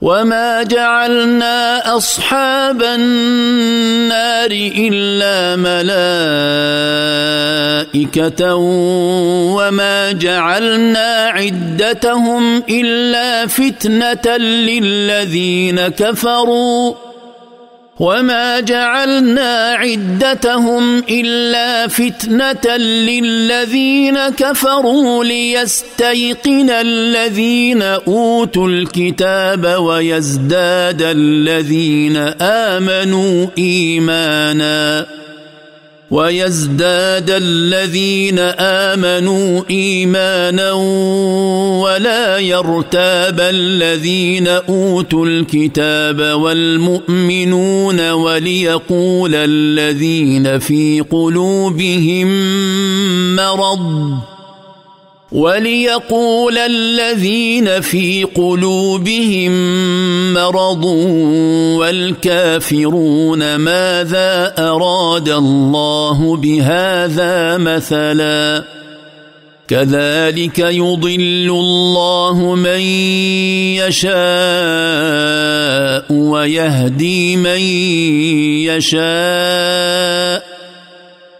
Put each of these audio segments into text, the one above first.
وما جعلنا اصحاب النار الا ملائكه وما جعلنا عدتهم الا فتنه للذين كفروا وما جعلنا عدتهم الا فتنه للذين كفروا ليستيقن الذين اوتوا الكتاب ويزداد الذين امنوا ايمانا ويزداد الذين امنوا ايمانا ولا يرتاب الذين اوتوا الكتاب والمؤمنون وليقول الذين في قلوبهم مرض وليقول الذين في قلوبهم مرض والكافرون ماذا اراد الله بهذا مثلا كذلك يضل الله من يشاء ويهدي من يشاء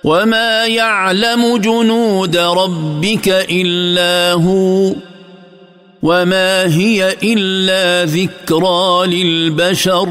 وما يعلم جنود ربك الا هو وما هي الا ذكرى للبشر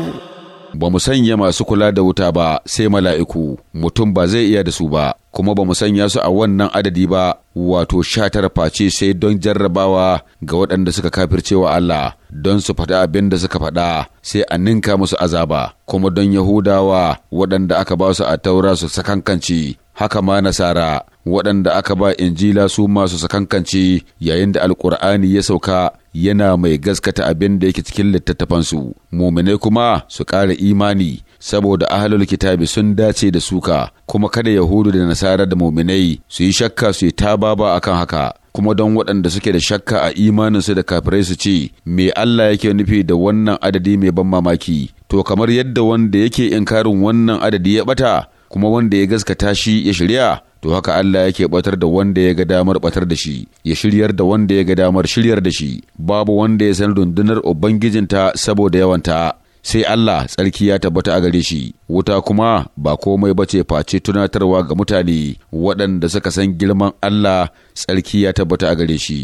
ba mu sanya masu kula da wuta ba sai mala'iku mutum ba zai iya da su ba kuma ba mu sanya su a wannan adadi ba wato shatar tara face sai don jarrabawa ga waɗanda suka kafircewa Allah don su faɗa abin da suka faɗa sai a ninka musu azaba kuma don Yahudawa waɗanda aka ba su a taura su sakankanci haka ma nasara waɗanda aka ba injila su masu sakankance yayin da alkur'ani ya sauka yana mai gaskata abin da yake cikin littattafansu muminai kuma su ƙara imani saboda ahalul kitabi sun dace da suka kuma kada yahudu da nasara da muminai su yi shakka su yi tababa akan haka kuma don waɗanda suke da shakka a imaninsu da kafirai su ce me Allah yake nufi da wannan adadi mai ban mamaki to kamar yadda wanda yake inkarin wannan adadi ya ɓata. kuma wanda ya gaskata shi ya shirya to haka Allah yake batar da wanda ya ga damar batar da shi ya shiryar da wanda ya ga damar shiryar da shi babu wanda ya san rundunar ubangijinta saboda yawanta sai Allah tsarki ya tabbata a gare shi wuta kuma ba komai bace face tunatarwa ga mutane waɗanda suka san girman Allah tsarki ya tabbata a gare shi